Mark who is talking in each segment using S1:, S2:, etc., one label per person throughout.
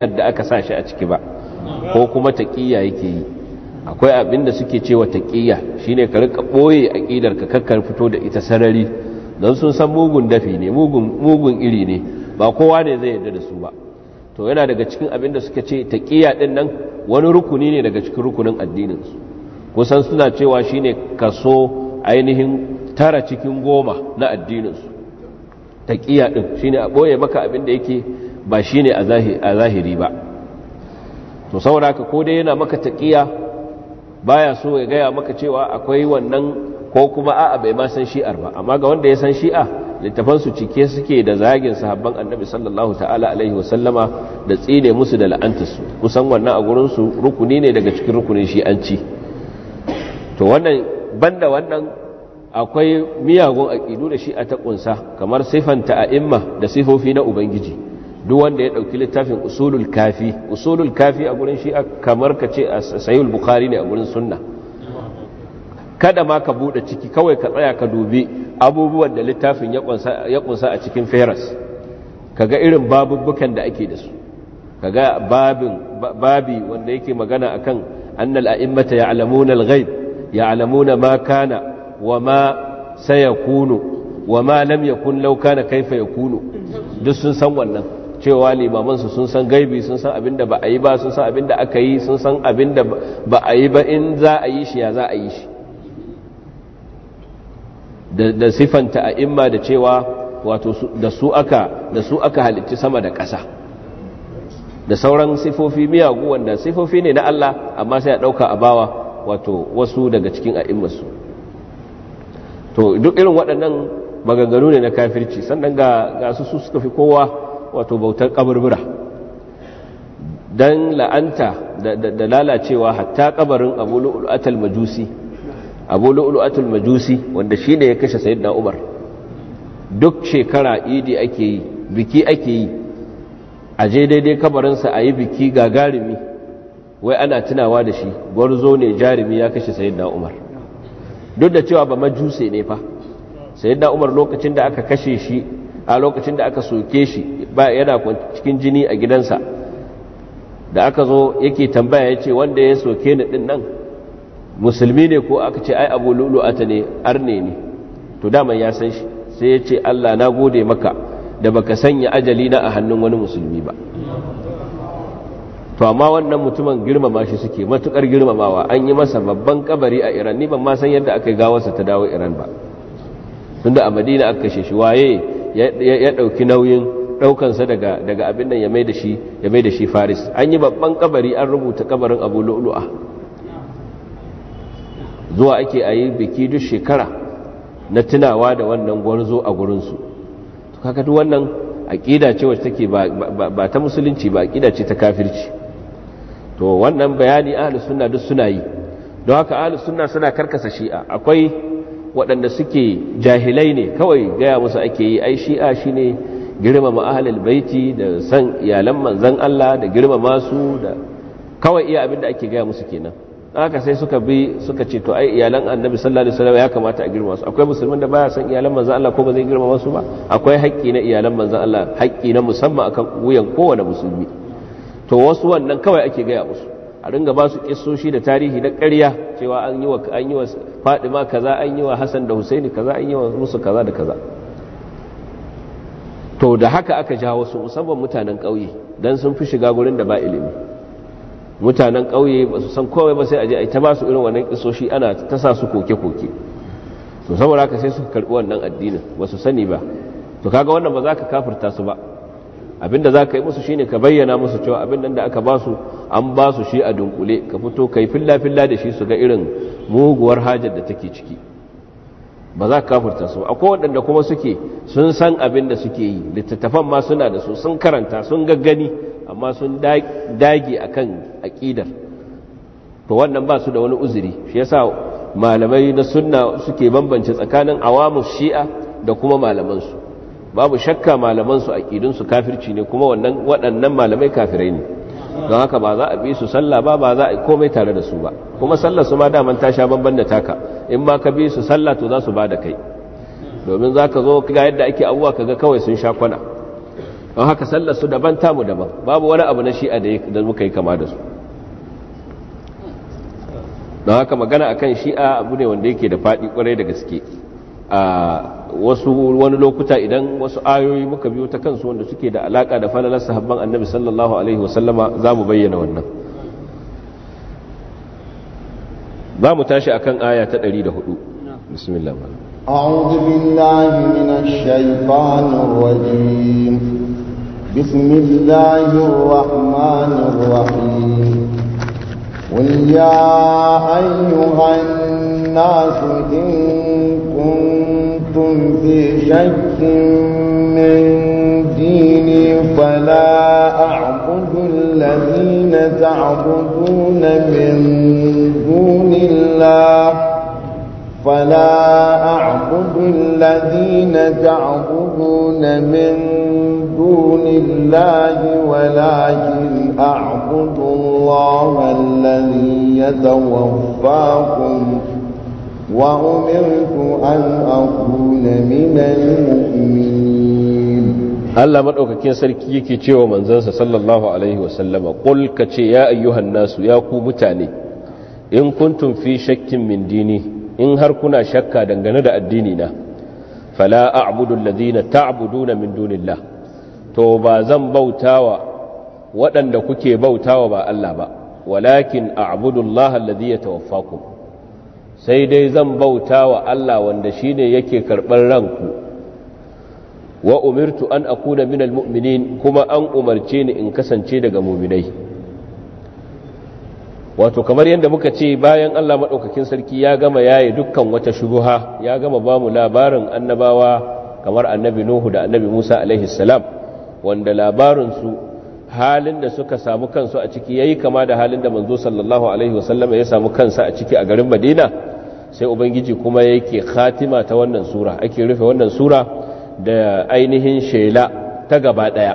S1: da aka sa shi a ciki ba ko kuma taƙiyya yake yi akwai abin da suke cewa taƙiyya shine ka rika boye aqidar ka kakkar fito da ita sarari don sun san mugun dafi ne mugun iri ne ba kowa ne zai yarda da su ba to yana daga cikin abin da suka ce taƙiyya din nan wani rukuni ne daga cikin rukunin addinin su kusan suna cewa shine kaso ainihin tara cikin goma na addinin su taƙiyya din shine a boye maka abin da yake ba shi ne a zahiri ba to saboda ka ko dai yana maka taƙiya baya so ya gaya maka cewa akwai wannan ko kuma a'a bai ma san shi'ar ba amma ga wanda ya san shi'a littafan su cike suke da zagin sahabban annabi sallallahu ta'ala alaihi wasallama da tsine musu da la'antarsu kusan wannan a su rukuni ne daga cikin rukunin shi'anci to wannan banda wannan akwai miyagun aƙidu da shi'a ta ƙunsa kamar a imma da sifofi na ubangiji duk wanda ya dauki littafin usulul kafi usulul kafi a gurin shi kamar ka ce a sayul bukhari ne a gurin sunna kada ma ka bude ciki kawai ka tsaya ka dubi abubuwan da littafin ya kunsa a cikin feras kaga irin babubbukan da ake da su kaga babin babi wanda yake magana akan annal a'immata ya'lamuna al-ghaib ya'lamuna ma kana wa ma sayakunu wa ma lam yakun law kana kaifa yakunu duk sun san wannan cewa limamansu sun san gaibi sun san abinda da ba a yi ba sun san abin aka yi sun san abin ba a yi ba in za a yi shi ya za a yi shi da sifanta a imma da cewa wato da su aka da halicci sama da ƙasa da sauran sifofi miyagu wanda sifofi ne na Allah amma sai a ɗauka a bawa wato wasu daga cikin su. to duk irin waɗannan maganganu ne na kafirci sannan ga su su suka fi kowa wato bautar kaburbura don la'anta da lalacewa hatta kabarin abu lu'ulatul majusi abu lu'ulatul majusi wanda shi ne ya kashe sayyidina umar duk shekara idi ake yi biki ake yi a je daidai kabarinsa a yi biki gagarumi wai ana tunawa da shi gwarzo ne jarumi ya kashe sayyidina umar duk da cewa ba majuse ne fa sayyidina umar lokacin da aka kashe shi a lokacin da aka soke shi ba yana cikin jini a gidansa da aka zo yake tambaya ya ce wanda ya soke ni din nan musulmi ne ko aka ce ai abu ta ne arne ne to dama ya san shi sai ya ce allah na gode maka da baka sanya ajali na a hannun wani musulmi ba to amma wannan mutumin girmama shi suke matukar girmamawa an yi masa babban kabari a iran ni ban ma san yadda aka yi gawarsa ta dawo iran ba tunda a madina aka kashe shi waye ya ɗauki nauyin ɗaukansa daga daga abin nan ya mai da shi ya mai da shi faris an yi babban kabari an rubuta kabarin abu lu'lu'a zuwa ake a yi biki duk shekara na tunawa da wannan gwarzo a gurinsu to kaka duk wannan aƙida ce wacce take ba ta musulunci ba aƙida ce ta kafirci to wannan bayani ahlus sunna duk suna yi don haka ahlus sunna suna karkasa shi'a akwai waɗanda suke jahilai ne kawai gaya musu ake yi ai shi'a shi ne girmama ahalil baiti da san iyalan manzan Allah da girmama su da kawai iya abin da ake gaya musu kenan haka sai suka bi suka ce to ai iyalan annabi sallallahu alaihi wasallam ya kamata a girmama su akwai musulmin da baya san iyalan manzan Allah ko ba zai girmama su ba akwai haƙƙi na iyalan manzan Allah haƙƙi na musamman akan wuyan kowane musulmi to wasu wannan kawai ake gaya musu a ringa ba su kissoshi da tarihi da ƙarya cewa an yi wa faɗi ma kaza an yi wa Hassan da Husaini kaza an yi wa musu kaza da kaza to da haka aka ja wasu musamman mutanen ƙauye don sun fi shiga gurin da ba ilimi mutanen ƙauye ba su san kowai ba sai a je a ta ba su irin wannan kissoshi ana ta sa su koke-koke to saboda haka sai suka karɓi wannan addinin ba su sani ba to kaga wannan ba za ka kafirta su ba abinda za ka yi musu shine ka bayyana musu cewa abin da aka ba su an ba su shi a dunkule ka fito ka yi filla-filla da shi su ga irin muguwar hajar da take ciki ba za ka kafurta su akwai waɗanda kuma suke sun san abin da suke yi littattafan ma suna da su sun karanta sun gaggani amma sun dage a kan aƙidar to wannan ba su da wani uzuri shi yasa malamai na sunna suke bambance tsakanin awamu shi'a da kuma malamansu babu shakka malaman su aqidun su kafirci ne kuma wannan waɗannan malamai kafirai ne don haka ba za a bi su sallah ba ba za a komai tare da su ba kuma sallar su ma daman ta sha banban da taka in ma ka bi su sallah to za su ba da kai domin za ka zo ga yadda ake abuwa kaga kawai sun sha kwana don haka sallar su daban tamu daban babu wani abu na shi'a da muka yi kama da su don haka magana akan shi'a abu ne wanda yake da faɗi kwarai da gaske A wasu wani lokuta idan wasu ayoyi muka biyo ta kansu wanda suke da alaka da falalar sahabban annabi sallallahu alaihi wasallama za mu bayyana wannan za mu tashi a kan aya ta 104 bismillah
S2: أعوذ بالله من الشيطان الرجيم بسم الله الرحمن الرحيم قل يا أيها الناس إن كنتم في شك من ديني فلا أعبد الذين تعبدون من دون الله فلا أعبد الذين تعبدون من دون الله ولكن أعبد فاعبدوا الله الذي يتوفاكم وأمرت أن أكون من المؤمنين
S1: Allah maɗaukakin sarki yake cewa manzansa sallallahu Alaihi wasallama ƙul ka ce ya ayyuhan nasu ya ku mutane in kun fi shakkin min in har kuna shakka dangane da addinina? fala a'budu alladhina ta'buduna min dunillah to ba zan bautawa waɗanda kuke bautawa ba Allah ba walakin a'budullaha alladhi yatawaffakum sai dai zan bauta wa Allah wanda shine yake karɓar ranku wa umirtu an akuna minal mu'minin kuma an umarce ni in kasance daga mu'minai wato kamar yadda muka ce bayan Allah maɗaukakin sarki ya gama yaye dukkan wata shubuha ya gama ba mu labarin annabawa kamar annabi Nuhu da annabi Musa alaihi salam wanda su halin da suka samu kansu a ciki yayi kama da halin da manzo sallallahu alaihi wasallam ya samu kansa a ciki a garin Madina sai ubangiji kuma yake khatima ta wannan sura ake rufe wannan sura da ainihin shela ta gaba daya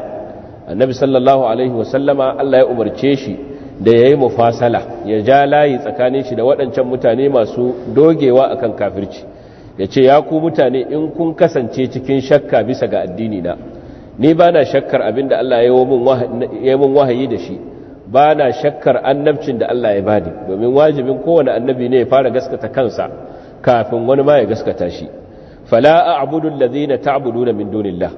S1: annabi sallallahu alaihi wasallama Allah ya umarce shi da yayi mufasala ya ja layi tsakanin shi da waɗancan mutane masu dogewa akan kafirci yace ya ku mutane in kun kasance cikin shakka bisa ga addini na ni ba na shakkar abin da Allah ya mun wahayi da shi ba na shakkar annabcin da Allah ya bani domin wajibin kowane annabi ne ya fara gaskata kansa kafin wani ma ya gaskata shi fala a'budu allazina ta'buduna min dunillah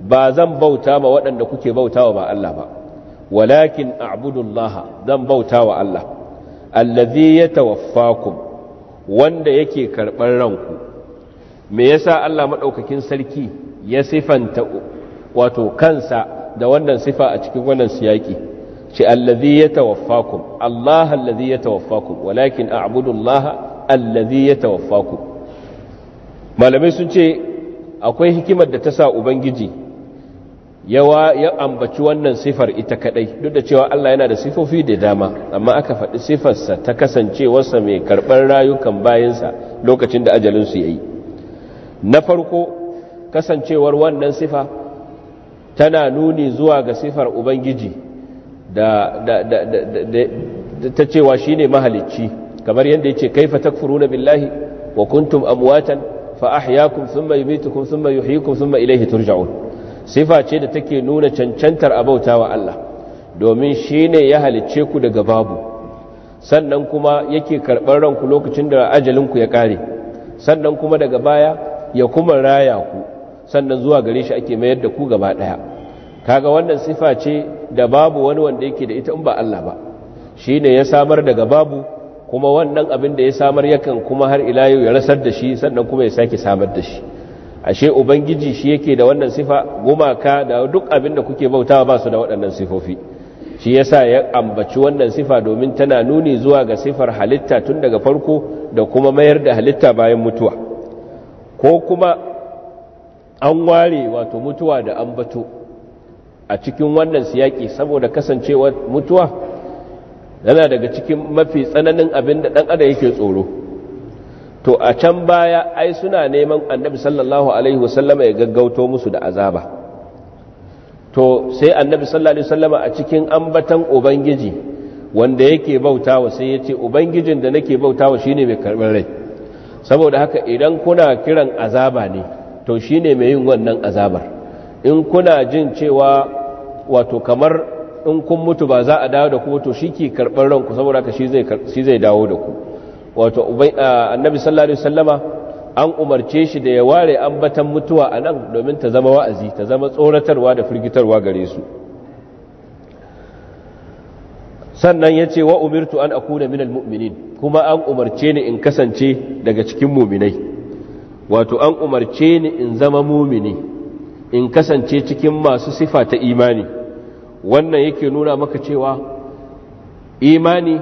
S1: ba zan bauta ma waɗanda kuke bautawa ba Allah ba walakin a'budu Allah zan bautawa Allah allazi yatawaffakum wanda yake karɓar ranku me yasa Allah madaukakin sarki ya sifanta wato kansa da wannan sifa a cikin wannan siyaki ce allazi yatawaffakum Allah allazi yatawaffakum walakin a'budu Allah allazi yatawaffakum malamai sun ce akwai hikimar da ta sa ubangiji yawa ya ambaci wannan sifar ita kadai duk da cewa Allah yana da sifofi da dama amma aka faɗi sifarsa ta kasancewarsa mai karɓar rayukan bayansa lokacin da ajalinsu ya yi na farko kasancewar wannan sifa tana nuni zuwa ga sifar ubangiji da ta cewa shine mahalicci kamar yadda ya ce kaifa na billahi wa kuntum amwatan fa ahyaakum thumma mai thumma sun mai ilayhi turja'un sifa ce da take nuna cancantar abauta wa Allah domin shine ya halicce ku daga babu sannan kuma yake karɓar ranku lokacin da ajalinku ya ƙare sannan kuma daga baya ya kuma raya ku sannan zuwa gare shi ake mayar da ku gaba ɗaya kaga wannan sifa ce da babu wani wanda yake da ita in ba Allah ba shi ne ya samar daga babu kuma wannan abin da ya samar yakan kuma har ila yau ya rasar da shi sannan kuma ya sake samar da shi ashe ubangiji shi yake da wannan sifa gumaka da duk abin da kuke bautawa ba su da waɗannan sifofi shi yasa ya ambaci wannan sifa domin tana nuni zuwa ga sifar halitta tun daga farko da kuma mayar da halitta bayan mutuwa ko kuma an ware wato mutuwa da ambato a cikin wannan siyaki saboda kasancewa mutuwa yana daga cikin mafi tsananin abin da ɗan adam yake tsoro to a can baya ai suna neman annabi sallallahu alaihi wasallama ya gaggauto musu da azaba to sai annabi sallallahu alaihi wasallama a cikin ambatan ubangiji wanda yake bautawa sai ya ce ubangijin da nake bautawa shine mai karɓar rai saboda haka idan kuna kiran azaba ne to shine mai yin wannan azabar in kuna jin cewa wato kamar in kun mutu ba za a dawo da ku to shi ke karɓar ranku saboda ka shi zai dawo da ku wato annabi sallallahu alaihi wasallama an umarce shi da ya ware ambatan mutuwa a nan domin ta zama wa'azi ta zama tsoratarwa da firgitarwa gare su sannan ya ce wa umirtu an akuna minal mu'minin kuma an umarce ni in kasance daga cikin muminai wato an umarce ni in zama mumini in kasance cikin masu sifa ta imani wannan yake nuna maka cewa imani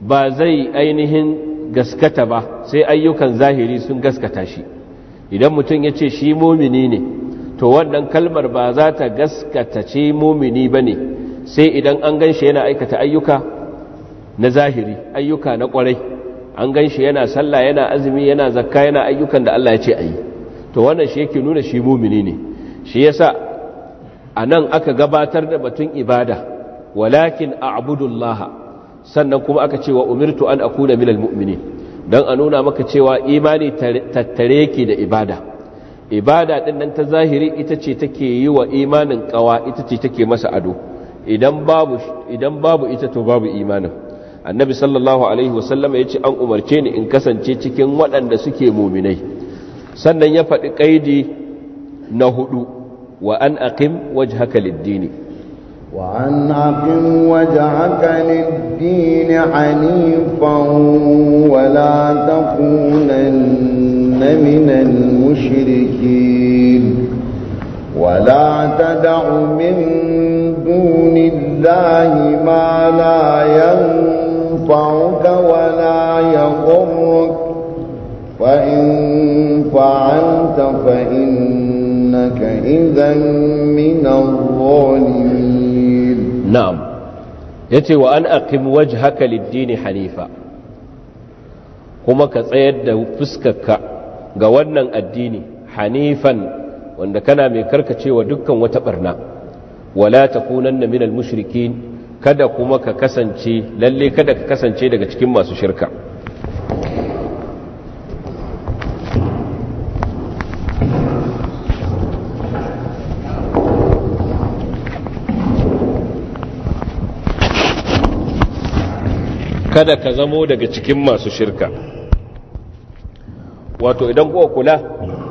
S1: ba zai ainihin gaskata ba sai ayyukan zahiri sun gaskata shi idan mutum ya ce shi momini ne to wannan kalmar ba za ta gaskata ce momini ba ne sai idan an gan shi yana aikata ayyuka na zahiri ayyuka na kwarai an gan shi yana sallah yana azumi yana zakka yana ayyukan da Allah ya ce a yi to wannan shi yake nuna shi momini ne shi yasa a nan aka gabatar da batun ibada walakin a a'budullaha sannan kuma aka cewa umirtu an akuna minal mumini don a nuna maka cewa imani tattare ke da ibada ibada din nan ta zahiri ita ce take yi wa imanin kawa ita ce take masa ado idan babu ita to babu imanin annabi sallallahu alaihi wasallama ya ce an umarce ni in kasance cikin waɗanda suke muminai sannan ya faɗi ƙaidi na hudu وأن أقم وجهك للدين
S2: وأن أقم وجهك للدين حنيفا ولا تكونن من المشركين ولا تدع من دون الله ما لا ينفعك ولا يضرك فإن فعلت فإن إنك إذا من الظالمين
S1: نعم يتي وأن أقم وجهك للدين حنيفا kuma ka tsayar da fuskarka ga wannan addini hanifan wanda kana mai karkacewa dukkan wata barna wala kunan minal mushrikin kada kuma ka kasance lalle kada ka kasance daga cikin masu shirka kada ka zamo daga cikin masu shirka wato idan kuwa kula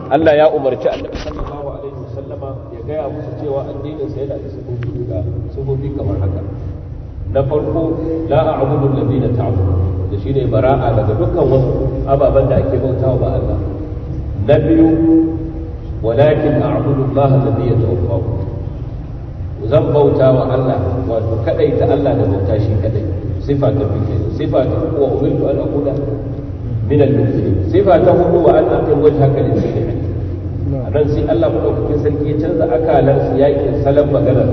S1: Allah ya umarci annabi sallallahu alaihi wasallama ya gaya musu cewa addinin sa yana da sabobi guda sabobi kamar haka na farko la a'budu alladhina ta'budu da shine bara'a daga dukkan wasu ababen da ake bautawa ba Allah na biyu walakin a'budu Allah alladhi yatawaffa zan bautawa Allah wato kadai ta Allah da bauta shi kadai sifa ta fi sifa ta uku wa umirtu an akuna min al-muslimin sifa ta hudu wa an ran sai Allah madaukakin sarki ya canza akalar yakin salon magana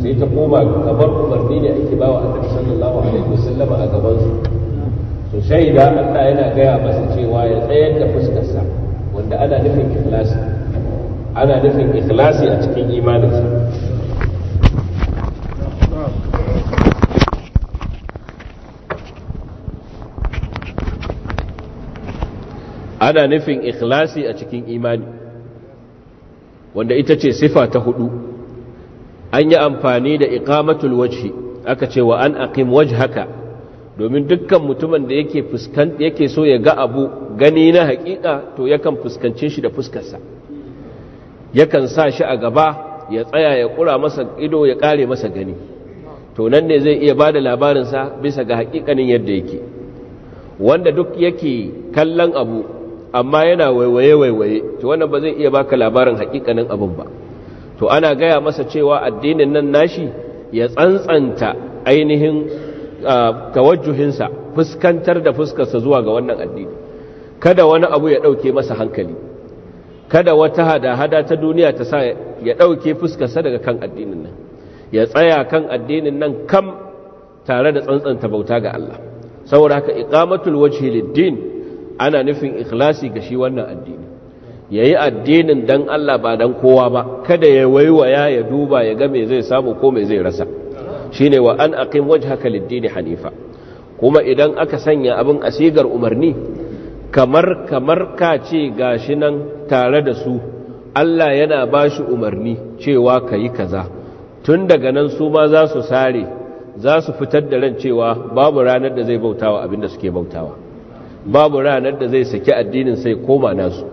S1: sai ta koma kamar umarni ne ake wa annabi sallallahu alaihi wasallama a gaban su so shaida Allah yana gaya masa cewa ya tsayar da fuskarsa wanda ana nufin ikhlasi ana nufin ikhlasi a cikin imanin imaninsa ana nufin ikhlasi a cikin imani wanda ita ce sifa ta hudu an yi amfani da iqamatul wajhi aka ce wa an aqim haka, domin dukkan mutumin da yake yake so ya ga abu gani na haƙiƙa, to yakan fuskanci shi da fuskarsa yakan sa shi a gaba ya tsaya ya kura masa ido ya kare masa gani to nan ne zai iya ba bada labarinsa bisa ga hakikanin yadda yake wanda duk yake kallon abu amma yana waiwaye waiwaye to wannan ba zai iya baka labarin hakikanin abin ba to ana gaya masa cewa addinin nan nashi ya tsantsanta ainihin tawajjuhinsa fuskantar da fuskarsa zuwa ga wannan addini kada wani abu ya ɗauke masa hankali kada wata hada-hada ta duniya ta sa ya ɗauke fuskarsa daga kan addinin nan ya tsaya kan addinin nan kam tare da tsantsanta bauta ga Allah saboda haka iqamatul wajhi lid-din ana nufin ikhlasi ga shi wannan addini yayi addinin dan Allah ba dan kowa ba kada ya waiwaya ya duba ya ga me zai samu ko me zai rasa shine wa an aqim wajhaka lid hanifa kuma idan aka sanya abin asigar umarni kamar kamar ka ce ga shi nan tare da su Allah yana ba shi umarni cewa ka yi kaza tun daga nan su ma za su sare za su fitar da ran cewa babu ranar da zai bautawa abin da suke bautawa babu ranar da zai saki addinin sai koma nasu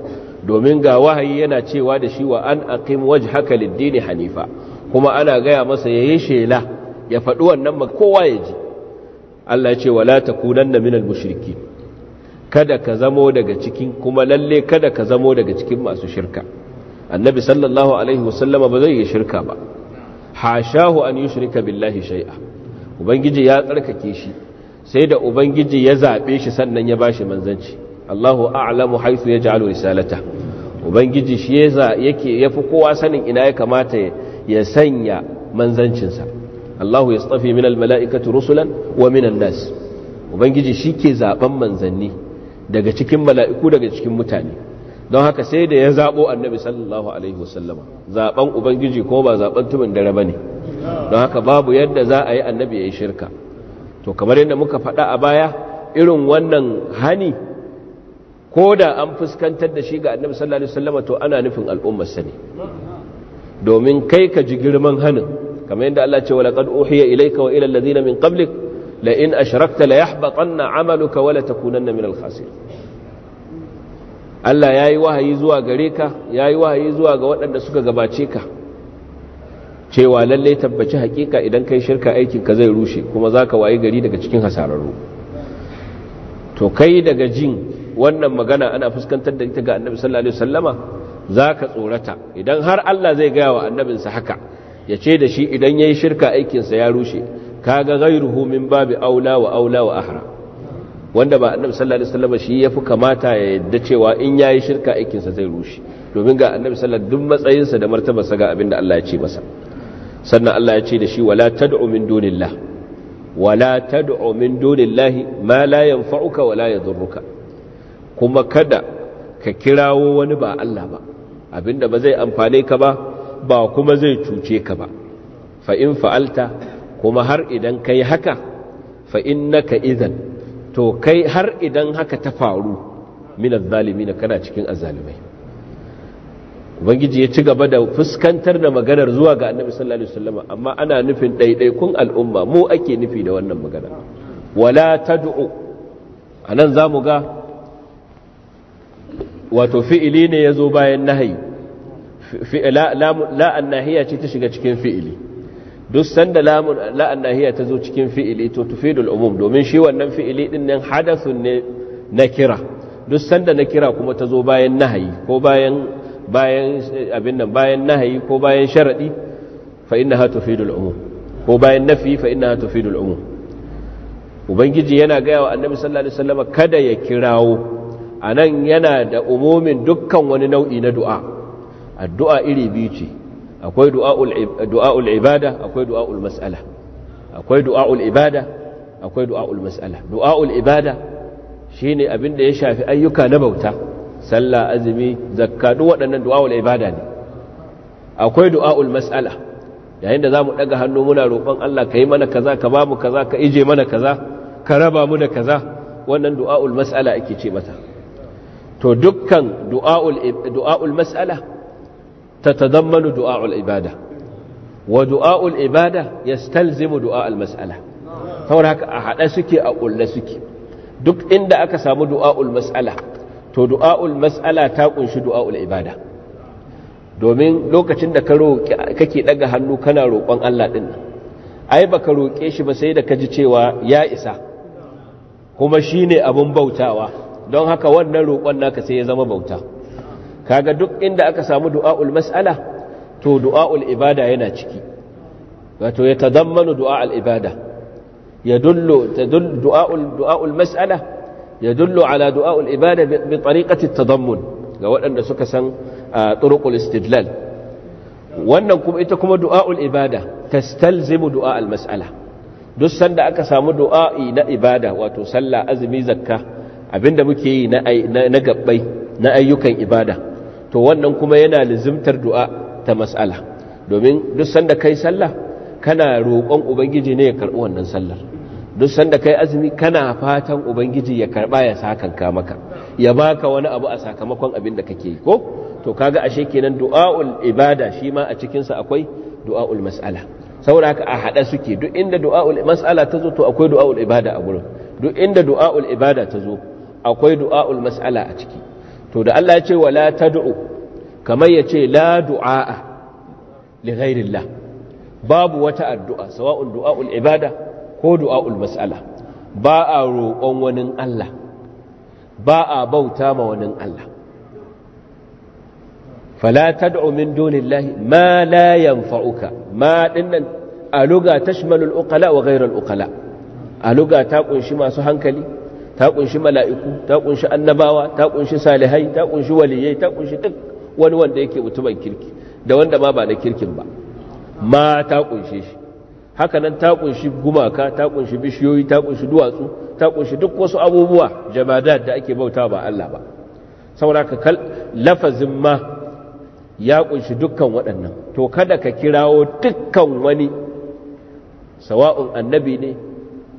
S1: domin ga wahayi yana cewa da shi wa an aqim wajhaka lid-dini hanifa kuma ana gaya masa yayi shela ya faɗi wannan ma kowa ya ji Allah ya ce wala takunanna minal mushrikin kada ka zamo daga cikin kuma lalle kada ka zamo daga cikin masu shirka annabi sallallahu alaihi wasallama ba zai yi shirka ba hashahu an yushrika billahi shay'a ubangiji ya tsarkake shi sai da ubangiji ya zaɓe shi sannan ya ba shi manzanci Allahu a'lamu ya yaj'alu risalata ubangiji shi yake yafi kowa sanin ina ya kamata ya sanya manzancinsa Allahu yastafi min mala'ikati rusulan wa minan nas ubangiji shi ke zaben manzanni daga cikin mala'iku daga cikin mutane don haka sai da ya zaɓo annabi sallallahu alaihi wasallama zaben ubangiji ko ba zaben tumin dare ba ne. don haka babu yadda za a yi annabi ya yi shirka to kamar yadda muka faɗa a baya irin wannan hani ko da an fuskantar da shi ga annabi sallallahu alaihi wasallam to ana nufin al'ummar sa ne domin kai ka ji girman hanin kamar yadda Allah ce wa laqad uhiya ilayka wa ila alladhina min qablik la in ashrakta la yahbatanna 'amaluka wa la takunanna min al-khasirin Allah yayi wahayi zuwa gare ka yayi wahayi zuwa ga waɗanda suka gabace ka cewa lalle tabbaci hakika idan kai shirka aikin ka zai rushe kuma zaka wayi gari daga cikin hasararru to kai daga jin wannan magana ana fuskantar da ita ga annabi sallallahu alaihi wasallama zaka tsorata idan har Allah zai gaya wa annabinsa haka ya ce da shi idan yayi shirka aikinsa ya rushe kaga ghayruhu min babi aula wa aula wa ahra wanda ba annabi sallallahu alaihi wasallama shi yafi kamata ya yadda cewa in yayi shirka aikinsa zai rushe domin ga annabi sallallahu alaihi wasallam duk matsayinsa da martabarsa ga abinda Allah ya ce masa sannan Allah ya ce da shi wala tad'u min dunillah wala tad'u min dunillahi ma la yanfa'uka wala yadhurruka kuma kada ka kirawo wani ba Allah ba abinda ba zai amfane ka ba ba kuma zai cuce ka ba fa in fa'alta kuma har idan kai haka fa innaka idan to kai har idan haka ta faru min na zalimin kana cikin az ubangiji ya ci gaba da fuskantar da maganar zuwa ga annabi sallallahu alaihi wasallam amma ana nufin ɗaiɗaikun al'umma mu ake nufi da wannan magana wala tad'u anan zamu ga wato fi'ili ne yazo bayan nahyi fi'la la annahiya ce ta shiga cikin fi'ili duk sanda lamun la annahiya ta zo cikin fi'ili to tufidu al'umum domin shi wannan fi'ili din nan hadathun ne nakira duk sanda nakira kuma ta zo bayan nahyi ko bayan bayan abin nan bayan nahayi ko bayan sharadi fa innaha tufidul umum ko bayan nafi fa innaha tufidul umum ubangiji yana gaya wa annabi sallallahu alaihi wasallam kada ya kirawo anan yana da umumin dukkan wani nau'i na du'a addu'a iri biyu ce akwai du'a'ul ibada akwai du'a'ul mas'ala akwai du'a'ul ibada akwai du'a'ul mas'ala du'a'ul ibada shine abin da ya shafi ayyuka na bauta sallah azumi zakka duk waɗannan du'a'ul ibada ne akwai du'a'ul mas'ala yayin da zamu daga hannu muna roƙon Allah kai mana kaza ka ba mu kaza ka ije mana kaza ka raba mu da kaza wannan du'a'ul mas'ala ake ce mata to dukkan du'a'ul du'a'ul mas'ala tatadammanu du'a'ul ibada wa du'a'ul ibada yastalzimu du'a'ul mas'ala saboda haka a hada suke a kulle suke duk inda aka samu du'a'ul mas'ala to du'a'ul mas'ala ta kunshi du'a'ul ibada domin lokacin da ka roƙi kake daga hannu kana roƙon Allah din ai baka roƙe shi ba sai da kaji cewa ya isa kuma shine abun bautawa don haka wannan roƙon naka sai ya zama bauta kaga duk inda aka samu du'a'ul mas'ala to du'a'ul ibada yana ciki wato ya tazammanu du'a'ul ibada yadullu tadullu du'a'ul du'a'ul mas'ala yadullu ala du'a al-ibada bi tariqati at-tadammun ga waɗanda suka san turuqul istidlal wannan ita kuma du'a al-ibada tastalzimu du'a al-mas'ala duk sanda aka samu du'a'i na ibada wato sallah azumi zakka abinda muke yi na gabbai na ayyukan ibada to wannan kuma yana lizimtar du'a ta mas'ala domin duk sanda kai sallah kana roƙon ubangiji ne ya karɓi wannan sallar duk sanda kai azumi kana fatan ubangiji ya karba ya sakanka maka ya baka wani abu a sakamakon abin da kake ko to kaga ashe kenan du'aul ibada shi ma a cikin sa akwai du'aul mas'ala saboda haka a hada suke duk inda du'aul mas'ala ta zo to akwai du'aul ibada a gurin duk inda du'aul ibada ta zo akwai du'aul mas'ala a ciki to da Allah ya ce wala tad'u kamar ya ce la du'a li ghairillah babu wata addu'a sawa'un du'aul ibada ko du'a'ul mas'ala ba a roƙon wani Allah ba a bauta ma wani Allah fala tad'u min dunillahi ma la yanfa'uka ma dinnan aluga tashmalul uqala wa ghayrul uqala aluga ta kunshi masu hankali ta kunshi mala'iku ta kunshi annabawa ta kunshi salihai ta kunshi waliyai ta kunshi duk wani wanda yake mutumin kirki da wanda ma ba na kirkin ba ma ta kunshi. shi haka nan ta kunshi gumaka ta kunshi bishiyoyi ta kunshi duwatsu ta kunshi duk wasu abubuwa jamadat da ake bauta ba Allah ba saboda ka lafazin ma ya kunshi dukkan waɗannan to kada ka kirawo dukkan wani sawa'un annabi ne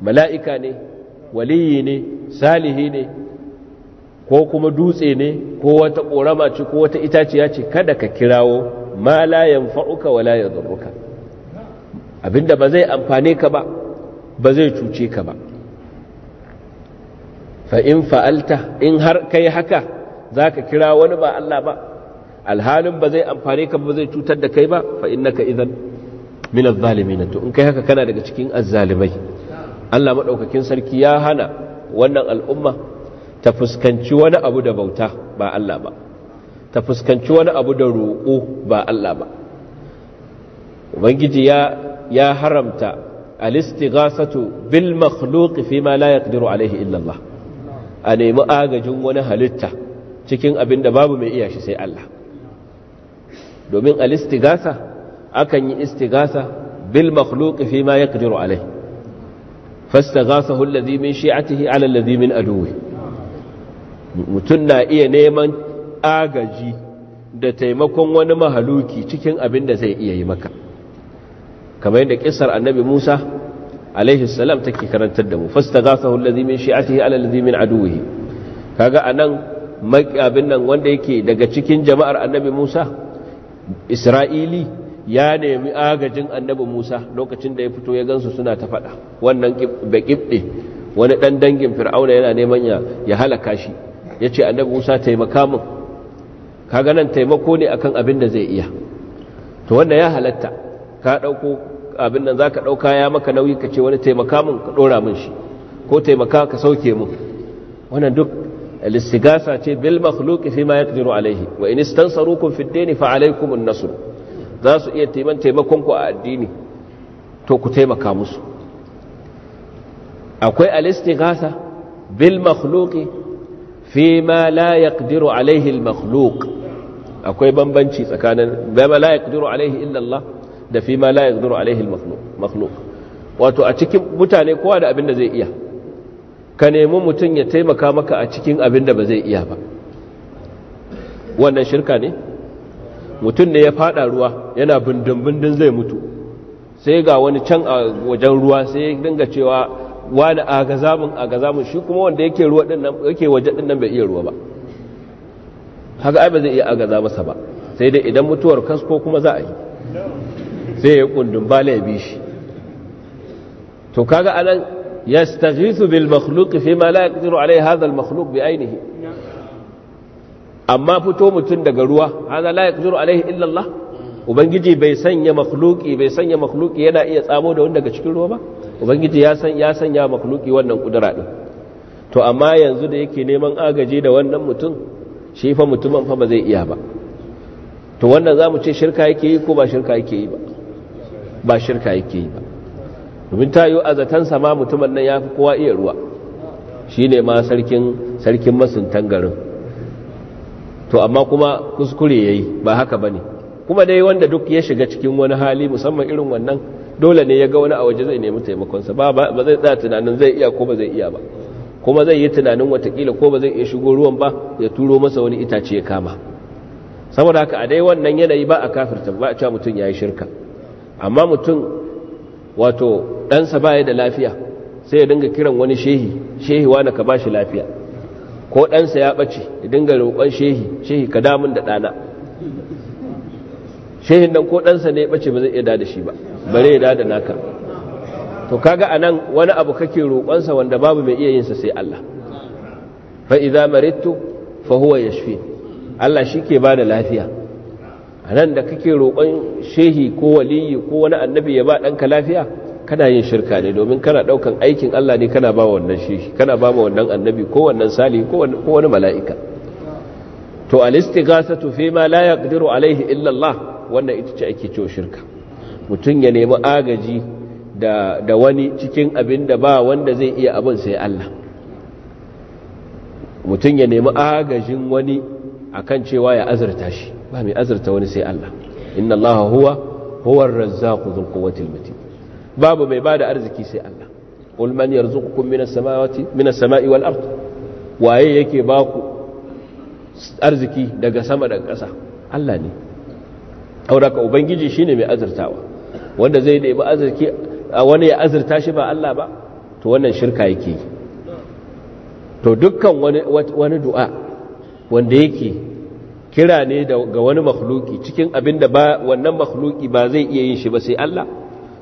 S1: mala'ika ne waliyi ne salihi ne ko kuma dutse ne ko wata ƙorama ce ko wata itaciya ce kada ka kirawo ma la yanfa'uka wala yadhurruka abinda ba zai amfane ka ba ba zai cuce ka ba fa in fa'alta in har kai haka zaka kira wani ba Allah ba alhalin ba zai amfane ka ba zai cutar da kai ba fa naka idan min adh-dhalimin to in kai haka kana daga cikin azzalimai Allah maɗaukakin sarki ya hana wannan al'umma ta fuskanci wani abu da bauta ba Allah ba ta fuskanci wani abu da roƙo ba Allah ba ubangiji ya ya haramta alistighasatu bil makhluq fi ma la yaqdiru alaihi illa Allah a nemi agajin wani halitta cikin abin da babu mai iya shi sai Allah domin alistigasa akan yi istigasa bil makhluq fi ma yaqdiru alaihi fastaghasahu alladhi min shi'atihi ala alladhi min aduwi mutun na iya neman agaji da taimakon wani mahaluki cikin abin da zai iya yi maka kamar yadda kisar annabi Musa alaihi salam take karantar da mu fastaghathahu allazi min shi'atihi ala allazi min aduwihi kaga anan abin nan wanda yake daga cikin jama'ar annabi Musa Isra'ili ya nemi agajin annabi Musa lokacin da ya fito ya gansu suna ta faɗa. wannan baƙibɗe wani ɗan dangin fir'auna yana neman ya halaka shi ya annabi Musa taimaka min kaga nan taimako ne akan abin da zai iya to wanda ya halatta ka ɗauko abin nan za ka ɗauka ya maka nauyi ka ce wani taimaka ka ɗora min shi ko taimaka ka sauke mun wannan duk alistigasa ce bil makhluqi fi ma yaqdiru alaihi wa in istansarukum fi ad-din fa alaykum an-nasr za su iya taimakon taimakon ku a addini to ku taimaka musu akwai alistigasa bil makhluqi fi ma la yaqdiru alaihi al-makhluq akwai bambanci tsakanin ma la yaqdiru alaihi illa Allah da fi ma la yaqdiru alaihi al-makhluq wato a cikin mutane kowa da abin da zai iya ka nemi mutum ya taimaka maka a cikin abin da ba zai iya ba wannan shirka ne mutum ne ya fada ruwa yana bindin-bindin zai mutu sai ga wani can a wajen ruwa sai ya dinga cewa wani a agazamin shi kuma wanda yake ruwa din nan yake waje din nan bai iya ruwa ba haka ai ba zai iya agaza masa ba sai dai idan mutuwar kasko kuma za a yi sai ya kundin bala ya bi shi to kaga anan yastaghithu bil makhluq fi ma la yaqdiru alayhi hadha al makhluq bi ainihi amma fito mutun daga ruwa hadha la yaqdiru alayhi illa Allah ubangiji bai sanya makhluqi bai sanya makhluqi yana iya tsamo da wanda daga cikin ruwa ba ubangiji ya san ya sanya makhluqi wannan kudura din to amma yanzu da yake neman agaji da wannan mutum shi fa mutumin fa ba zai iya ba to wannan zamu ce shirka yake yi ko ba shirka yake yi ba ba shirka yake yi ba domin ta yi a zatansa ma mutumin nan ya fi kowa iya ruwa shi ne ma sarkin masuntan garin to amma kuma kuskure ya yi ba haka ba ne kuma dai wanda duk ya shiga cikin wani hali musamman irin wannan dole ne ya ga wani a waje zai nemi taimakonsa ba ba zai tsaya tunanin zai iya ko ba zai iya ba kuma zai yi tunanin watakila ko ba zai iya shigo ruwan ba ya turo masa wani itace ya kama saboda haka a dai wannan yanayi ba a kafirta ba a cewa mutum ya yi shirka amma mutum wato ɗansa baya da lafiya sai ya dinga kiran wani shehi shehi wa ka ba shi lafiya ko ɗansa ya ɓace ya dinga roƙon shehi shehi ka damun da ɗana shehin nan ko ɗansa ne ya ɓace ba zai iya da shi ba bare ya da naka to kaga a nan wani abu kake roƙonsa wanda babu mai iya yin sa sai Allah fa idza maridtu fa huwa yashfi Allah shi ba da lafiya a nan da kake roƙon shehi ko waliyi ko wani annabi ya ba ɗanka lafiya kana yin shirka ne domin kana ɗaukan aikin Allah ne kana ba wannan shehi kana ba wannan annabi ko wannan salihi ko wani mala'ika to al gasa fi ma la yaqdiru alayhi alaihi illallah. wannan ita ce ake ciwo shirka mutum ya nemi agaji da da wani cikin abin da ba wanda zai iya abin sai Allah mutum ya nemi agajin wani akan cewa ya azurta shi ba mai azurta wani sai Allah inna Allah huwa huwa ar-razzaqu dhul quwwati al babu mai bada arziki sai Allah qul man yarzuqukum minas samawati sama'i wal ard waye yake baku arziki daga sama daga ƙasa Allah ne auraka ubangiji shine mai azurtawa wanda zai nemi azurki wani ya azurta shi ba Allah ba to wannan shirka yake to dukkan wani wani du'a wanda yake kira ne ga wani makhluki cikin abin da wannan makhluki ba zai iya yin shi ba sai Allah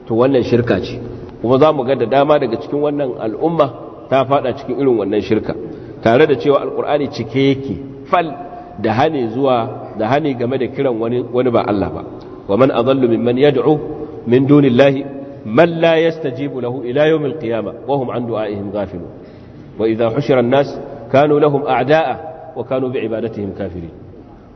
S1: to wannan shirka ce kuma za mu ga da dama daga cikin wannan al'umma ta fada cikin irin wannan shirka tare da cewa alkur'ani cike yake fal da hane zuwa da hane game da kiran wani wani ba Allah ba wa man adallu mimman yad'u min dunillahi man la yastajibu lahu ila yawmil qiyamah wa hum an du'aihim ghafilun wa idha hushira an-nas kanu lahum a'da'a wa kanu bi'ibadatihim kafirin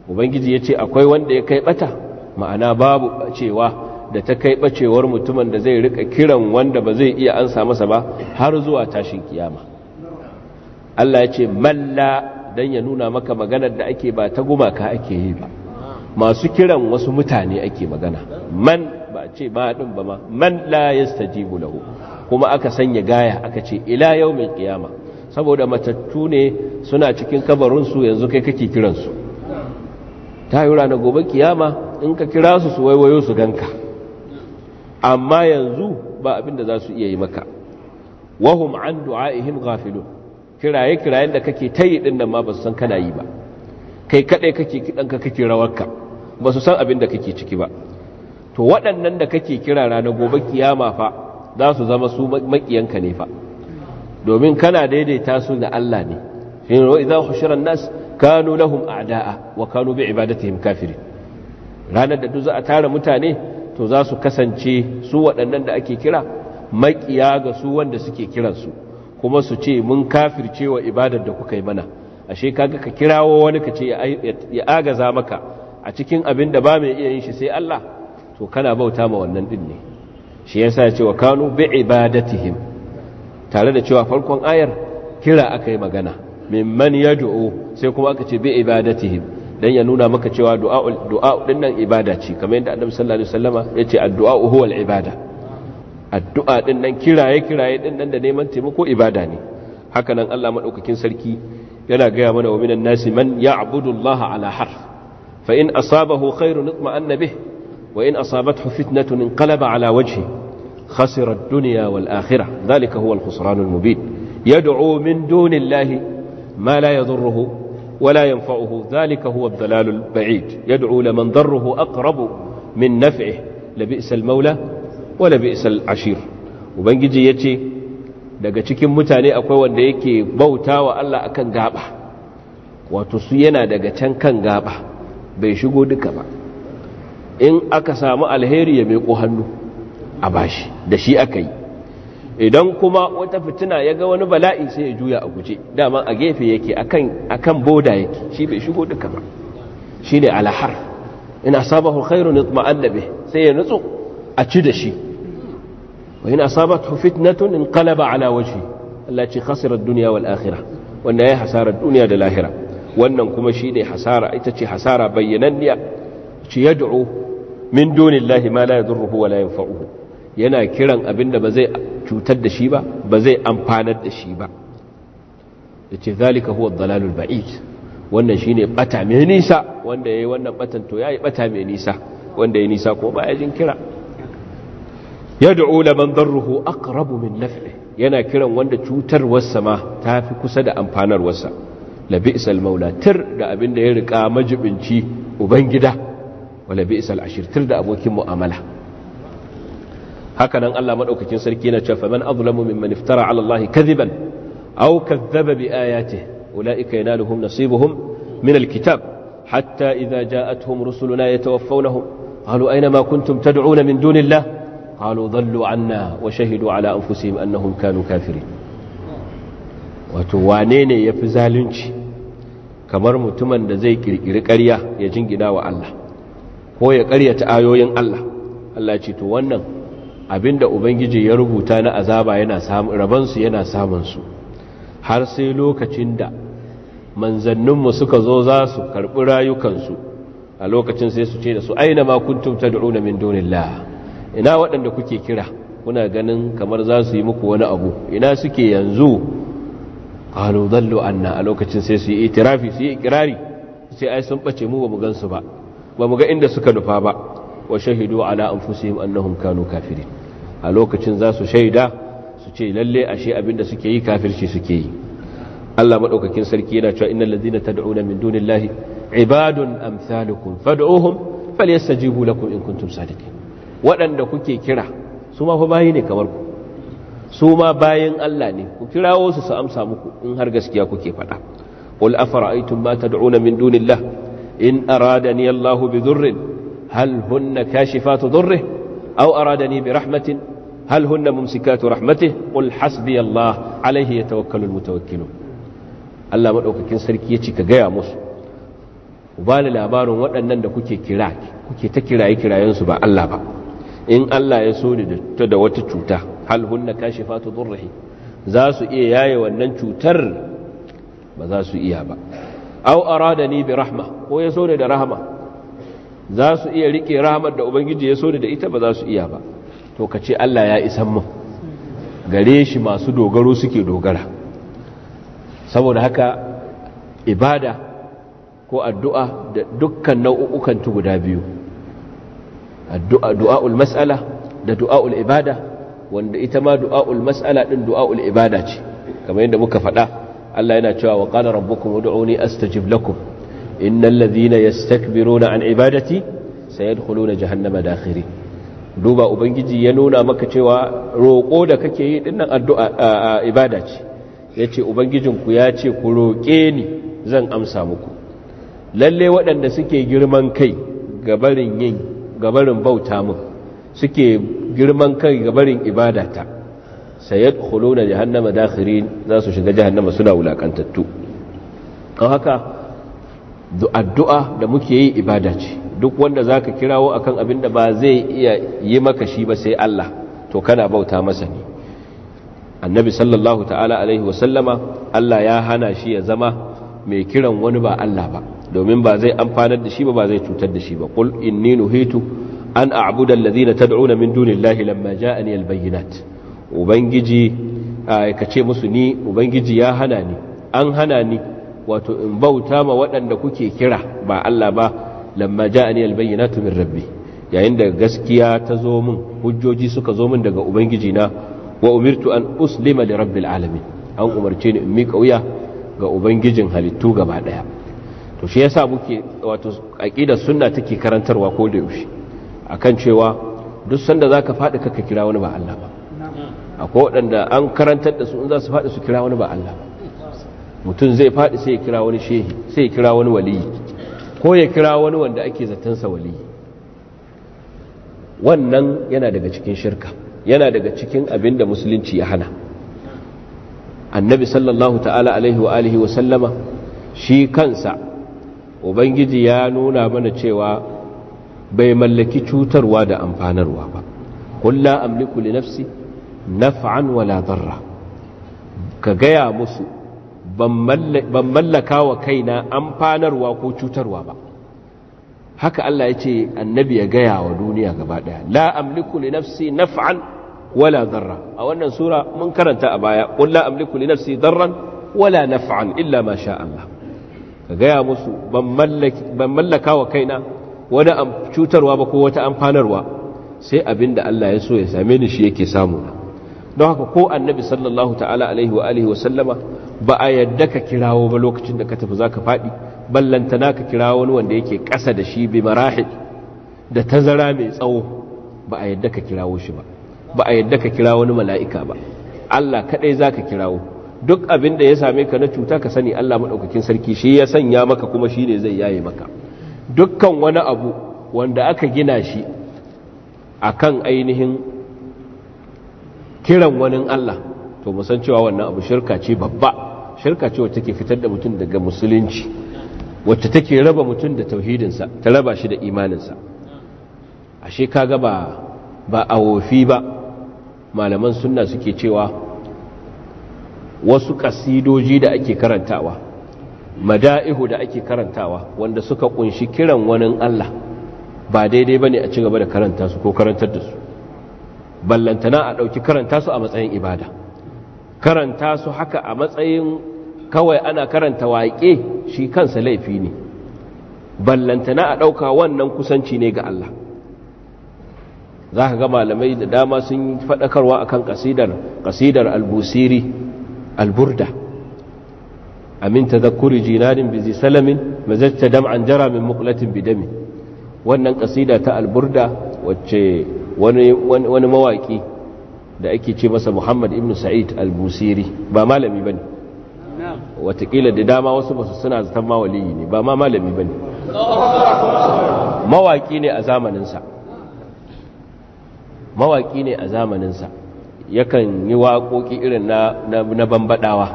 S1: ubangiji ya ce akwai wanda ya kai bata ma'ana babu cewa da ta kai bacewar mutumin da zai rika kiran wanda ba zai iya ansa masa ba har zuwa tashin kiyama Allah ya ce malla dan ya nuna maka maganar da ake ba ta gumaka ake yi ba masu kiran wasu mutane ake magana man ba ce ba din ba ma man la yastajibu lahu kuma aka sanya gaya aka ce ila mai kiyama. saboda matattu ne suna cikin kabarin yanzu kai kake kiran su ta yi rana gobe kiyama in ka kira su su waiwayo su ganka amma yanzu ba abin za su iya yi maka wahum an du'a'ihim ghafilun kiraye kirayen da kake tayi din nan ma ba su san kana yi ba kai kaɗai kake ka kake rawarka ba su san abin da kake ciki ba to waɗannan da kake kira ranar gobe kiyama fa za su zama su makiyanka ne fa domin kana daidaita su da Allah ne in wa idza hushira nas kanu lahum a'da'a wa kanu bi ibadatihim kafirin ranar da duk za a tara mutane to za su kasance su waɗannan da ake kira maƙiya ga su wanda suke kiransu kuma su ce mun kafirce wa ibadar da kuka yi mana ashe kaga ka kirawo wani ka ce ya agaza maka a cikin abin da ba mai iya yin shi sai Allah to kana bauta ma wannan din ne shi yasa ya ce wa kanu bi ibadatihim tare da cewa farkon ayar kira akai magana mimman yad'u sai kuma aka ce bi ibadatihim dan ya nuna maka cewa du'a du'a nan ibada ce kamar yadda Annabi sallallahu alaihi wasallama yace addu'a huwa al-ibada addu'a nan kiraye kiraye dinnan da neman taimako ibada ne haka nan Allah madaukakin sarki yana gaya mana wa minan nasi man ya'budu Allah ala harf fa in asabahu khairun itma'anna bih wa in asabathu fitnatun inqalaba ala wajhi khasira ad-dunya wal akhirah dhalika huwa al-khusran al-mubin yad'u min dunillahi ما لا يضره ولا ينفعه ذلك هو الضلال البعيد يدعو لمن ضره أقرب من نفعه لبئس المولى ولبئس العشير وبنجي يتي daga cikin mutane akwai wanda yake bauta wa Allah akan gaba wato su yana daga can kan gaba bai shigo duka ba in aka samu alheri ya meko hannu a bashi da shi aka yi idan kuma wata fitina ya ga wani bala'i sai ya juya a guje dama a gefe yake kan boda yake shi bai shigo duka ba shi ne alahar ina sabahu khairun itma'anna bih sai ya nutsu a ci da shi wa ina sabathu fitnatun qalaba ala wajhi Allah ce khasira duniya wal akhirah wanda yayi hasara duniya da lahira wannan kuma ne hasara ita ce hasara bayyananniya ci yad'u min dunillahi ma la yadurruhu wa la yanfa'uhu yana kiran abin da ba zai cutar da shi ba ba zai amfanar da shi ba da ce zalika huwa dalalul ba'id wannan ne bata mai nisa wanda yi wannan batan to yi bata mai nisa wanda yayi nisa ko ya jin kira yad'u laman darruhu aqrabu min naf'i yana kiran wanda cutar wasa ma ta fi kusa da amfanar wasa labi'sal maula tir da abin da ya rika majibinci ubangida wala bi'sal ashir tir da abokin mu'amala haka nan Allah maɗaukacin sarki na cewa man azlamu mimman iftara ala Allah kadhiban aw kadhaba bi ayatihi ulaika yanaluhum nasibuhum min alkitab hatta idza ja'atuhum rusuluna yatawaffawnahum qalu aina ma kuntum tad'una min dunillah qalu dhallu anna wa shahidu ala anfusihim annahum kanu kafirin wato wane ne yafi zalunci kamar mutumin da zai kirkiri ƙarya ya jingina wa Allah ko ya ƙaryata ayoyin Allah Allah ce to wannan abinda ubangiji ya rubuta na azaba yana samun rabansu yana samun su har sai lokacin da manzanninmu suka zo za su karɓi rayukansu a lokacin sai su ce da su aina ma kuntum tad'una min dunillah ina waɗanda kuke kira kuna ganin kamar za su yi muku wani abu ina suke yanzu qalu dallu anna a lokacin sai su yi itirafi su yi ikrari sai ai sun bace mu ba mu gansu ba ba mu ga inda suka nufa ba wa shahidu ala anfusihim annahum kanu kafirin a lokacin za su shaida su ce lalle ashe abinda suke yi kafirci suke yi Allah madaukakin sarki yana cewa innal ladzina tad'una min dunillahi ibadun amsalukum fad'uhum falyastajibu lakum in kuntum sadiqin wadanda kuke kira su ma fa bayi ne kamar ku su ma bayin Allah ne ku kirawo su su amsa muku in har gaskiya kuke faɗa qul afara'aytum ma tad'una min dunillahi in aradani Allahu bi dhurrin hal hunna kashifatu dhurrihi أو أرادني برحمة هل هن ممسكات رحمته قل حسبي الله عليه يتوكل المتوكلون Allah maɗaukakin sarki ya cika ka gaya musu ku ba ni labarin waɗannan da kuke kira kuke ta kiraye kirayensu ba Allah ba in Allah ya so ni da wata cuta hal hunna kashifatu durrihi za su iya yaye wannan cutar ba za su iya ba au ni bi rahma ko ya so ni da rahma za su iya riƙe rahamar da ubangiji ya so da ita ba za su iya ba to ka ce Allah ya isan mu gare shi masu dogaro suke dogara saboda haka ibada ko addu'a da dukkan nau'ukan tu guda biyu addu'a du'aul mas'ala da du'aul ibada wanda ita ma du'aul mas'ala din du'aul ibada ce kamar yadda muka faɗa Allah yana cewa wa qala rabbukum ud'uni astajib lakum إن الذين يستكبرون an ibadati سيدخلون jahannama داخري duba ubangiji ya nuna maka cewa roƙo da kake yi dinnan addu'a ibada ce yace ubangijinku ya ce ku roƙe ni zan amsa muku lalle waɗanda suke girman kai gabarin yin gabarin bauta mun suke girman kai gabarin ibadata sayad khuluna jahannama dakhirin za su shiga jahannama suna wulakantattu kan haka addu'a da muke yi ibada ce duk wanda za ka kirawo akan abin da ba zai iya yi maka shi ba sai Allah to kana bauta masa ne annabi sallallahu ta'ala alaihi wasallama Allah ya hana shi ya zama mai kiran wani ba Allah ba domin ba zai amfanar da shi ba ba zai cutar da shi ba qul inni nuhitu an a'budu ta da'una min dunillahi lamma ja'ani albayyinat ubangiji ka ce musu ni ubangiji ya hana ni an hana ni wato in bauta ma waɗanda kuke kira ba Allah ba lamma ja'ani albayyinatu min rabbi yayin da gaskiya ta zo min hujjoji suka zo mun daga ubangiji na wa umirtu an uslima li rabbil alamin an umarce ni in mika wuya ga ubangijin halittu gaba daya to shi yasa muke wato aqida sunna take karantarwa ko da yaushe akan cewa duk sanda zaka fadi kaka kira wani ba Allah ba akwai waɗanda an karantar da su in za su faɗi su kira wani ba Allah ba mutum zai faɗi sai kira wani shehi sai kira wani waliyi ko ya kira wani wanda ake sa waliyi wannan yana daga cikin shirka yana daga cikin abinda da musulunci ya hana annabi sallallahu ta'ala alaihi wa alihi wa sallama shi kansa ubangiji ya nuna mana cewa bai mallaki cutarwa da amfanarwa ba kullu amliku li nafsi naf'an wala darra ka gaya musu ban mallaka wa kaina amfanarwa ko cutarwa ba haka Allah ya ce annabi ya gaya wa duniya gaba ɗaya. la amliku li nafsi naf'an wala dharra a wannan sura mun karanta a baya qul la amliku li nafsi dharran wala naf'an illa ma sha Allah ka gaya musu ban mallaki ban mallaka wa kaina wani cutarwa ba ko wata amfanarwa sai abinda Allah ya so ya same ni shi yake samu don haka ko annabi sallallahu ta'ala alaihi wa alihi wa sallama ba a yadda ka kirawo ba lokacin da ka tafi za ka faɗi ballantana ka kirawo wani wanda yake ƙasa da shi bi marahid da tazara mai tsawo ba a yadda ka kirawo shi ba ba a yadda ka kirawo wani mala'ika ba Allah kaɗai za ka kirawo duk abin da ya same ka na cuta ka sani Allah maɗaukakin sarki shi ya sanya maka kuma shi ne zai yaye maka dukkan wani abu wanda aka gina shi a kan ainihin kiran wani Allah to musan cewa wannan abu shirka ce babba shirka ce wacce take fitar da mutum daga musulunci wacce take raba mutum da tauhidinsa ta raba shi da imaninsa ashe kaga ba ba a wofi ba malaman sunna suke cewa wasu kasidoji da ake karantawa mada'ihu da ake karantawa wanda suka kunshi kiran wani Allah ba daidai bane a ci gaba da karanta su ko karantar da su ballantana a dauki karanta su a matsayin ibada karanta su haka a matsayin kawai ana karanta waƙe shi kansa laifi ne ballantana a ɗauka wannan kusanci ne ga Allah za ka ga malamai da dama sun faɗakarwa a kan ƙasidar albusiri alburda amin ta zakuri jinanin bizi salamin mazarta dam'an jara min muklatin bidami wannan ƙasida ta alburda wacce wani mawaƙi da ake ce masa muhammad ibn sa'id al-busiri ba malami bane watakila da dama wasu basu suna zaton ma waliyi ne ba ma malami bane mawaki ne a zamaninsa mawaki ne a zamaninsa yakan yi waƙoƙi irin na banbaɗawa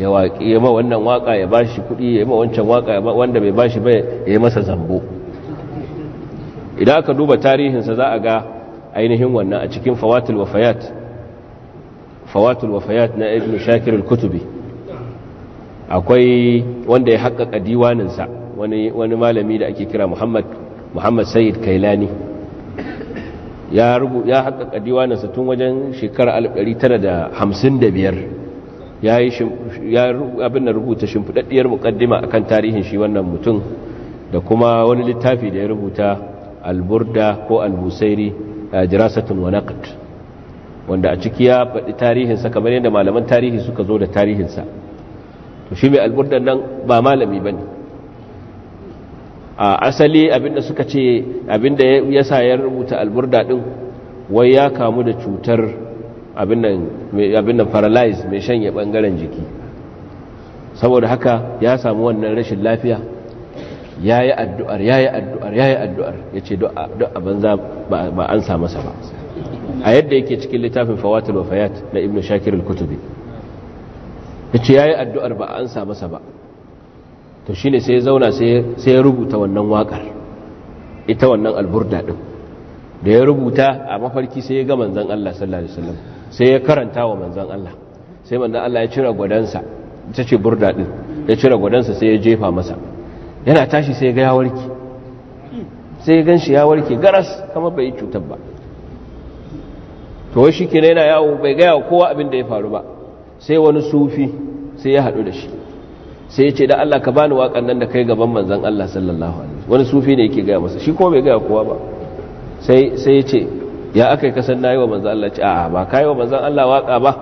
S1: ya waƙi ya ma wannan waƙa ya ba shi kuɗi ya yi ma wancan waƙa wanda bai ba shi bai ya yi masa zambo idan aka duba tarihinsa za a ga ainihin wannan a cikin fawatul wafayat fawatul wafayat na ibn shakir al-kutubi akwai wanda ya haƙaƙa diwaninsa wani wani malami da ake kira muhammad muhammad sayyid kailani ya rubu ya haƙaƙa tun wajen shekarar 1955 ya yi ya abin da rubuta shimfidaddiyar muqaddima akan tarihin shi wannan mutum da kuma wani littafi da ya rubuta alburda ko albusairi dirasatul wa naqd wanda a ciki ya faɗi tarihinsa kamar yadda malaman tarihi suka zo da tarihinsa to shi mai alburdan nan ba malami bane a asali abinda suka ce abinda ya sa ya rubuta alburda din wai ya kamu da cutar abin nan paralyze mai shanye bangaren jiki saboda haka ya samu wannan rashin lafiya ya yi addu'ar ya yi addu'ar ya yi addu'ar ya ce duk abin za ba an sa masa ba a yadda yake cikin littafin fawatul wafayat na ibn shakir al-kutubi ya ce ya yi addu'ar ba an sa masa ba to shi ne sai ya zauna sai ya rubuta wannan waƙar ita wannan alburda ɗin da ya rubuta a mafarki sai ya ga manzan Allah sallallahu Alaihi wasallam sai ya karanta wa manzan Allah sai manzan Allah ya cire gwadansa ita ce burda ɗin ya cire gwadansa sai ya jefa masa yana tashi sai ga ya warke sai gan shi ya warke garas kamar bai cutar ba to shi ke yana yawo bai gaya wa kowa abin da ya faru ba sai wani sufi sai ya haɗu da shi sai ya ce da Allah ka bani waƙan nan da kai gaban manzan Allah sallallahu alaihi wani sufi ne yake gaya masa shi kuma bai gaya kowa ba sai ya ce ya aka yi kasan na yi wa manzan Allah ce a'a ba ka yi wa manzan Allah waƙa ba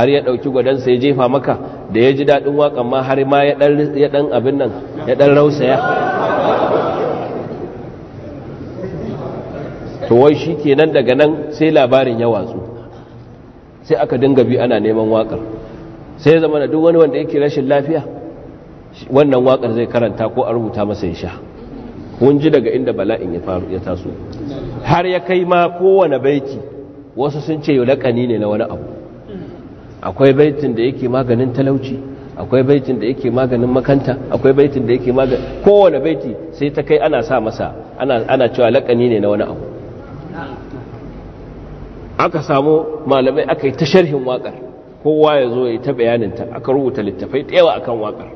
S1: har ya ɗauki gwadon sai ya jefa maka da ya ji daɗin waƙan ma har ma ya ɗan abin nan ya ɗan rausaya to wai shi kenan daga nan sai labarin ya watsu sai aka dinga bi ana neman waƙar sai zama da duk wani wanda yake rashin lafiya wannan waƙar zai karanta ko a rubuta masa ya sha kun ji daga inda bala'in ya faru taso har ya kai ma kowane baiti wasu sun ce laƙani ne na wani abu akwai baitin da yake maganin talauci akwai baitin da yake maganin makanta akwai baitin da yake maganin kowane baiti sai ta kai ana sa masa ana cewa laƙani ne na wani abu aka samu malamai aka yi ta sharhin waƙar kowa ya zo ya ta bayaninta aka rubuta littafai ɗewa a kan waƙar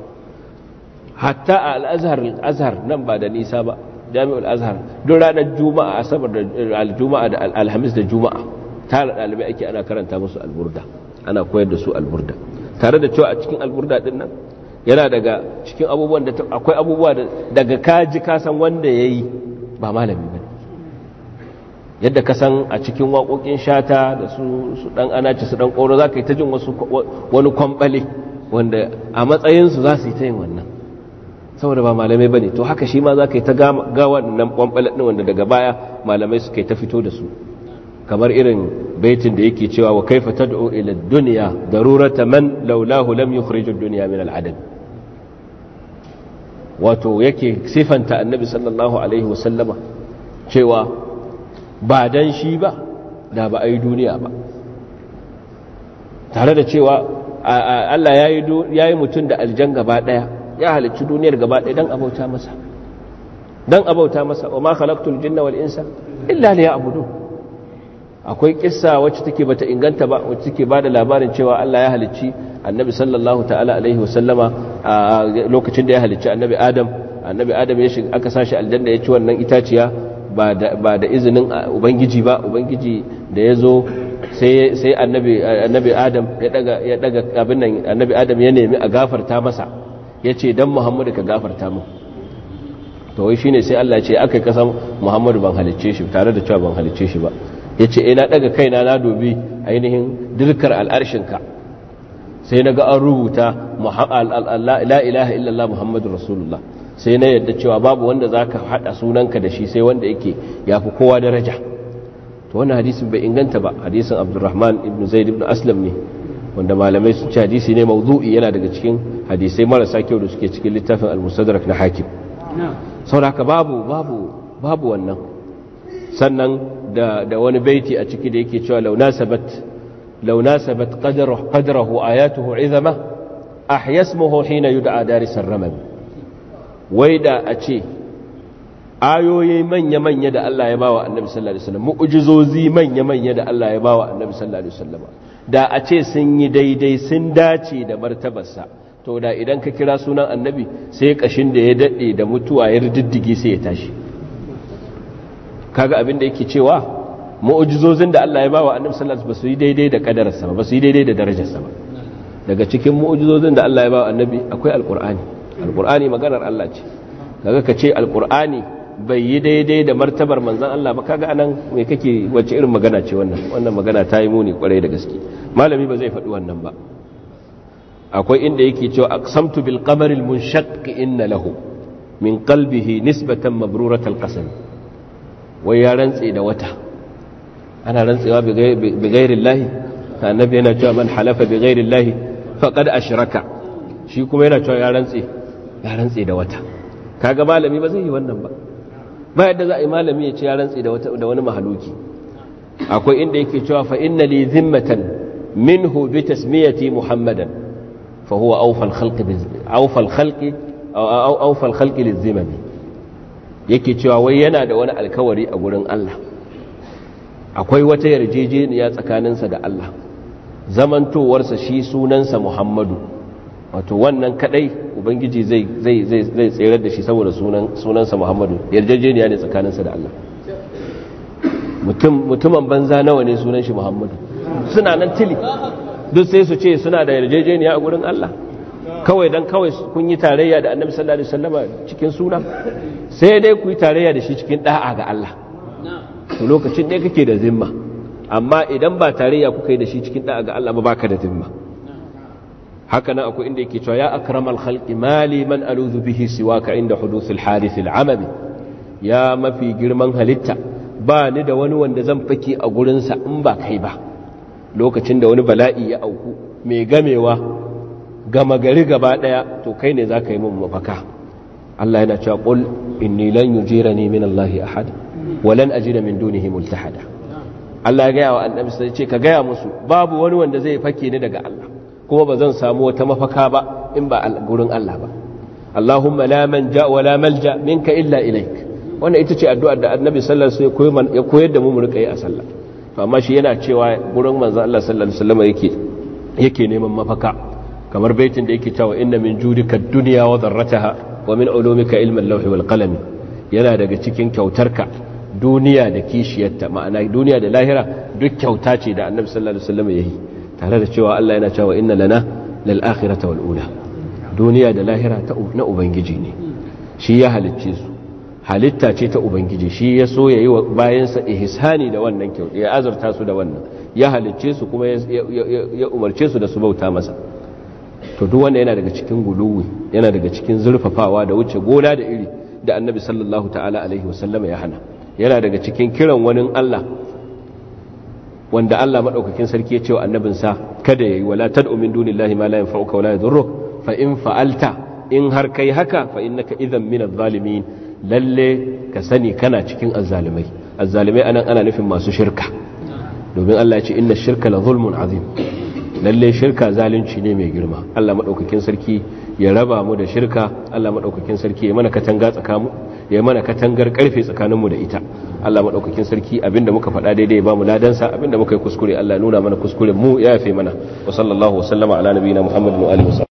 S1: hatta a al'azhar nan ba da nisa ba jami'ul azhar don ranar juma'a asabar da aljuma'a da alhamis da juma'a tare ɗalibai ake ana karanta musu alburda ana koyar da su alburda tare da cewa a cikin alburda din nan yana daga cikin abubuwan da akwai abubuwa daga kaji kasan wanda ya yi ba malami ba yadda ka san a cikin waƙoƙin shata da su ɗan anaci su ɗan ƙoro za ka yi ta jin wani kwamɓale wanda a matsayinsu za su yi ta yin wannan saboda ba malamai ba ne to haka shi ma za ka yi ta gawa nan kwamɓale ɗin wanda daga baya malamai suka yi ta fito da su kamar irin baitin da yake cewa wa kaifa tad'u ila ad-dunya darurata man laulahu lam yukhrij ad-dunya min al-adam wato yake sifanta annabi sallallahu alaihi wasallama cewa ba dan shi ba da ba ai duniya ba tare da cewa Allah yayi yayi mutun da aljan gaba daya ya halicci duniyar gaba daya dan abauta masa dan abauta masa wa ma khalaqtul jinna wal insa illa liya'budun akwai kissa wacce take bata inganta ba wacce take bada labarin cewa Allah ya halicci annabi sallallahu ta'ala alaihi wasallama a lokacin da ya halicci annabi adam annabi adam ya shiga aka sashi aljanna ya ci wannan itaciya ba da ba da izinin ubangiji ba ubangiji da yazo sai sai annabi annabi adam ya daga ya daga abin nan annabi adam ya nemi a gafarta masa yace dan muhammadu ka gafarta min to wai shine sai Allah ya ce aka kasa muhammadu ban halicce shi tare da cewa ban halicce shi ba ya ce ina eh, daga kaina na dubi ainihin dilkar al'arshinka sai na ga an rubuta la ilaha illallah muhammadu rasulullah sai na yadda cewa babu wanda za ka haɗa sunanka da shi sai wanda yake ya fi kowa daraja to wani hadisin bai inganta ba hadisin abdurrahman ibn zaid ibn aslam ne wanda malamai sun ci hadisi ne mawdu'i yana daga cikin hadisai marasa kyau da suke cikin littafin al na hakim saboda babu babu babu wannan sannan da da wani baiti a ciki da yake cewa launa sabat launa sabat qadruhu qadruhu ayatuhu izama ahyasmuhu hina yud'a darisar ramad wai da a ce ayoyi manya-manya da Allah ya ba wa annabi sallallahu alaihi wasallam mu'ujizozi manya-manya da Allah ya ba wa annabi sallallahu alaihi wasallam da a ce sun yi daidai sun dace da martabarsa to da idan ka kira sunan annabi sai kashin da ya dade da mutuwa ya riddige sai ya tashi kaga abin da yake cewa mu'ujizozin da Allah ya bawa annabi sallallahu alaihi wasallam ba su yi daidai da kadararsa ba ba su yi daidai da darajarsa ba daga cikin mu'ujizozin da Allah ya bawa annabi akwai alqur'ani alqur'ani maganar Allah ce kaga ka ce alqur'ani bai yi daidai da martabar manzon Allah ba kaga anan me kake wace irin magana ce wannan wannan magana ta yi muni kwarai da gaske malami ba zai faɗi wannan ba akwai inda yake cewa aqsamtu bil qamaril al munshaq inna lahu min qalbihi nisbatan mabruratal qasam wai ya rantse da wata ana rantsewa bi gairin lahi annabi yana cewa man halafa bi gairin lahi faƙad ashiraka shi kuma yana cewa ya rantse ya rantse da wata kaga malami ba zai yi wannan ba ba yadda za a yi malami ya ce ya rantse da wani mahaluki akwai inda yake cewa fa inna li zimmatan minhu bi tasmiyati muhammadan fa huwa awfal khalqi awfal khalqi aw awfal khalqi lizzimami yake cewa wai yana da wani alkawari a gurin Allah akwai wata yarjejeniya tsakaninsa da Allah zamantowarsa shi sunansa Muhammadu wato wannan kadai ubangiji zai zai zai zai tsirar da shi saboda sunan sunansa Muhammadu yarjejeniya ne tsakaninsa da Allah mutum mutumin banza nawa ne sunan shi Muhammadu suna nan tili duk sai su ce suna da yarjejeniya a gurin Allah kawai dan kawai kun yi tarayya da annabi sallallahu alaihi wasallama cikin suna sai dai ku yi tarayya da shi cikin da'a ga Allah to lokacin dai kake da zimma amma idan ba tarayya kuka yi da shi cikin da'a ga Allah ba baka da zimma haka nan akwai inda yake cewa ya akramal khalqi mali man aluzu bihi siwaka inda huduthil harith al'amami ya mafi girman halitta ba ni da wani wanda zan fake a gurin sa in ba kai ba lokacin da wani bala'i ya auku mai gamewa gama gari gaba daya to kai ne za ka yi mun mafaka Allah yana cewa qul inni lan yujirani min Allah ahad wa lan jira min dunihi multahada Allah ya gaya wa annabi sai ce ka gaya musu babu wani wanda zai fake ni daga Allah kuma ba zan samu wata mafaka ba in ba gurin Allah ba Allahumma la ja wa la malja minka illa ilaik wannan ita ce addu'ar da annabi sallallahu alaihi wasallam ya koyar da mu mu rika yi a sallah to amma shi yana cewa gurin manzo Allah sallallahu alaihi wasallam yake yake neman mafaka kamar baitin da yake cewa inna min judika dunya wa dharrataha wa min ulumika ilma al-lawh wal qalam yana daga cikin kyautarka duniya da kishiyarta ma'ana duniya da lahira duk kyauta ce da annabi sallallahu alaihi wasallam yayi tare da cewa Allah yana cewa inna lana lil akhirati wal ula duniya da lahira ta na ubangiji ne shi ya halicce su halitta ce ta ubangiji shi ya so yayi wa bayansa ihsani da wannan kyauta ya azurta su da wannan ya halicce su kuma ya umarce su da su bauta masa to duk wanda yana daga cikin guluwi yana daga cikin zurfafawa da wuce gona da iri da annabi sallallahu ta'ala alaihi wasallama ya hana yana daga cikin kiran wani Allah wanda Allah madaukakin sarki ya ce wa annabinsa kada yayi wala tad'u min dunillahi ma la yanfa'uka wala yadurruk fa in fa'alta in har kai haka fa innaka idhan min adh-dhalimin lalle ka sani kana cikin azzalimai azzalimai anan ana nufin masu shirka domin Allah ya ce inna shirka la zulmun azim lalle shirka zalunci ne mai girma Allah maɗaukakin sarki ya raba mu da shirka Allah maɗaukakin sarki ya mana katanga tsakamu ya mana katangar karfe tsakaninmu da ita Allah maɗaukakin sarki abinda muka faɗa daidai ba mu ladan abinda muka yi kuskure Allah nuna mana kuskure mu ya yafe mana wa sallallahu wa sallama ala nabiyina muhammadin wa alihi